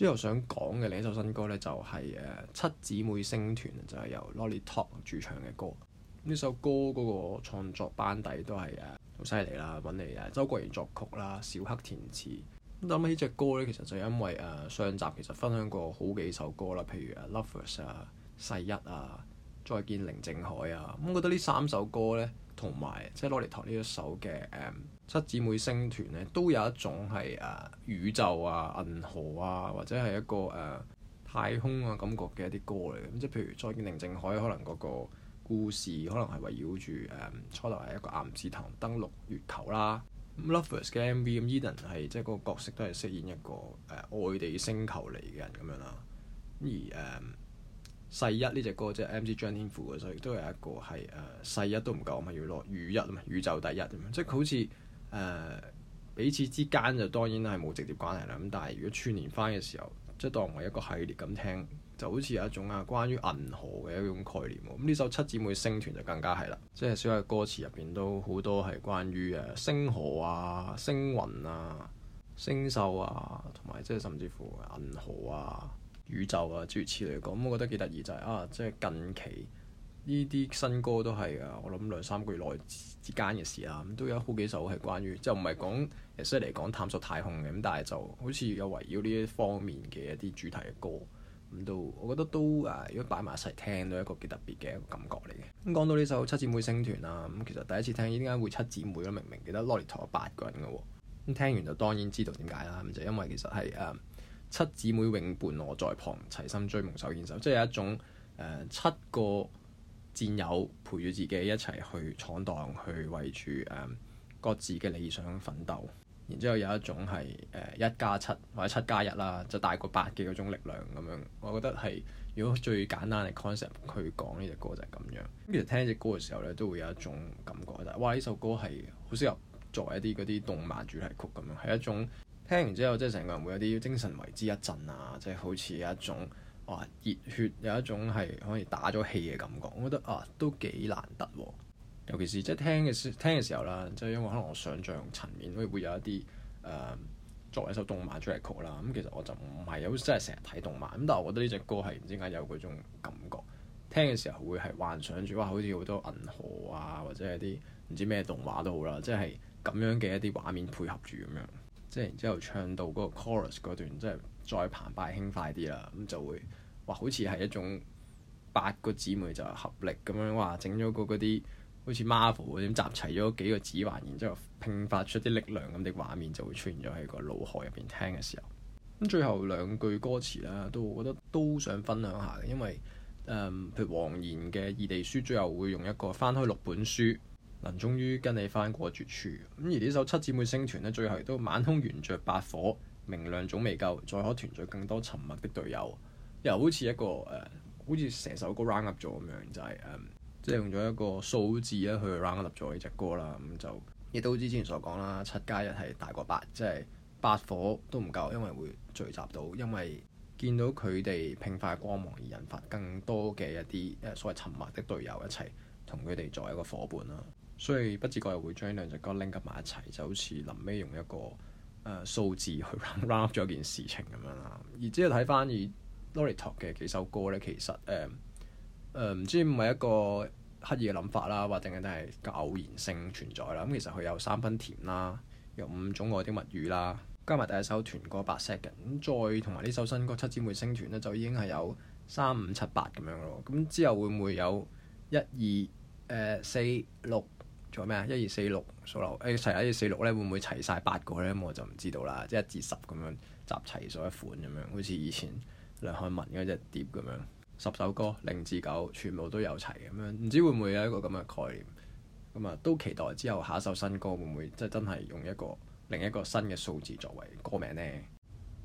之後想講嘅另一首新歌咧，就係、是、誒、啊、七姊妹星團就係、是、由 l l l o Lolly Talk 主唱嘅歌。呢首歌嗰個創作班底都係誒好犀利啦，揾嚟嘅周國賢作曲啦，小克填詞。諗起隻歌咧，其實就因為誒、啊、上集其實分享過好幾首歌啦，譬如、啊《Lovers》啊、《世一》啊、《再見寧靜海》啊，咁覺得呢三首歌咧，同埋即係 Lolly Talk 呢一首嘅誒。Um, 七姊妹星團呢都有一種係誒宇宙啊、銀河啊或者係一個誒太空啊感覺嘅一啲歌嚟嘅，咁即係譬如再見寧靜海，可能嗰個故事可能係圍繞住誒初頭係一個岩士唐登陸月球啦。咁 Loveless 嘅 MV 咁 Eden 係即係個角色都係飾演一個誒外地星球嚟嘅人咁樣啦。而誒世一呢隻歌即係 M.C. 張天賦嘅，所以都係一個係誒世一都唔夠，咪要落宇一嘛，宇宙第一咁樣，即係佢好似。誒、呃、彼此之間就當然係冇直接關係啦，咁但係如果串連翻嘅時候，即係當為一個系列咁聽，就好似有一種啊關於銀河嘅一種概念咁呢、嗯、首《七姊妹星團》就更加係啦，即係所有歌詞入邊都好多係關於誒星河啊、星雲啊、星獸啊，同埋即係甚至乎銀河啊、宇宙啊諸如此類講、嗯，咁我覺得幾得意就係、是、啊，即係近期。呢啲新歌都係啊！我諗兩三個月內之之間嘅事啦、啊。咁都有好幾首係關於就唔係講，其實嚟講探索太空嘅咁，但係就好似有圍繞呢一方面嘅一啲主題嘅歌咁，都我覺得都誒、啊，如果擺埋一齊聽都一個幾特別嘅一個感覺嚟嘅。咁講到呢首《七姊妹星團》啊，咁其實第一次聽，點解會七姊妹咧？明明記得 Lolly Talk 八個人嘅喎、啊。咁聽完就當然知道點解啦。咁就是、因為其實係誒、呃、七姊妹永伴我在旁，齊心追夢手牽手，即係有一種誒、呃、七個。戰友陪住自己一齊去闖蕩，去為住誒各自嘅理想奮鬥。然之後有一種係誒一加七或者七加一啦，1, 就大過八嘅嗰種力量咁樣。我覺得係如果最簡單嘅 concept 佢講呢隻歌就係咁樣。咁其實聽呢隻歌嘅時候咧，都會有一種感覺、就是，就係哇呢首歌係好適合作為一啲嗰啲動漫主題曲咁樣，係一種聽完之後即係成個人會有啲精神為之一振啊，即、就、係、是、好似有一種。哇！熱血有一種係可以打咗氣嘅感覺，我覺得啊都幾難得喎、啊。尤其是即係聽嘅時聽嘅時候啦，即係因為可能我想像層面會會有一啲誒、呃、作為一首動漫主題曲啦。咁其實我就唔係有真係成日睇動漫咁，但係我覺得呢隻歌係唔知點解有嗰種感覺。聽嘅時候會係幻想住哇，好似好多銀河啊，或者係啲唔知咩動畫都好啦，即係咁樣嘅一啲畫面配合住咁樣。即係然之後唱到嗰個 chorus 嗰段，即係再澎湃輕快啲啦，咁、嗯、就會話好似係一種八個姊妹就合力咁樣，話整咗個嗰啲好似 Marvel 嗰啲集齊咗幾個指環，然之後拼發出啲力量咁嘅畫面就會出現咗喺個腦海入邊聽嘅時候。咁、嗯、最後兩句歌詞啦，都我覺得都想分享下，因為誒、嗯、譬如黃妍嘅《異地書》最後會用一個翻開六本書。能終於跟你翻過絕處，咁而呢首《七姊妹星團》呢，最後亦都晚空燃着八火，明亮總未夠，再可團聚更多沉默的隊友，又好似一個誒、呃，好似成首歌 round up 咗咁樣，就係、是呃、即係用咗一個數字咧去 round up 咗呢隻歌啦。咁、嗯、就亦都好似之前所講啦，七加一係大過八，即係八火都唔夠，因為會聚集到，因為見到佢哋迸發光芒而引發更多嘅一啲誒所謂沉默的隊友一齊同佢哋作為一個伙伴啦。所以不自覺又會將兩隻歌拎 i 埋一齊，就好似臨尾用一個誒、呃、數字去 wrap 咗件事情咁樣啦。而之後睇翻以 Lolita 嘅幾首歌呢，其實誒唔、呃呃、知唔係一個刻意嘅諗法啦，或定係都係偶然性存在啦。咁其實佢有三分甜啦，有五種愛的物語啦，加埋第一首團歌《白石》嘅，咁再同埋呢首新歌《七姊妹星團》呢，就已經係有三五七八咁樣咯。咁之後會唔會有一二誒四六？4, 6, 仲有咩啊？一二四六數流誒齊一二四六咧會唔會齊晒八個咧？咁、嗯、我就唔知道啦。即係一至十咁樣集齊咗一款咁樣，好似以前梁漢文嗰隻碟咁樣，十首歌零至九全部都有齊咁樣，唔知會唔會有一個咁嘅概念？咁、嗯、啊，都期待之後下一首新歌會唔會即係真係用一個另一個新嘅數字作為歌名咧？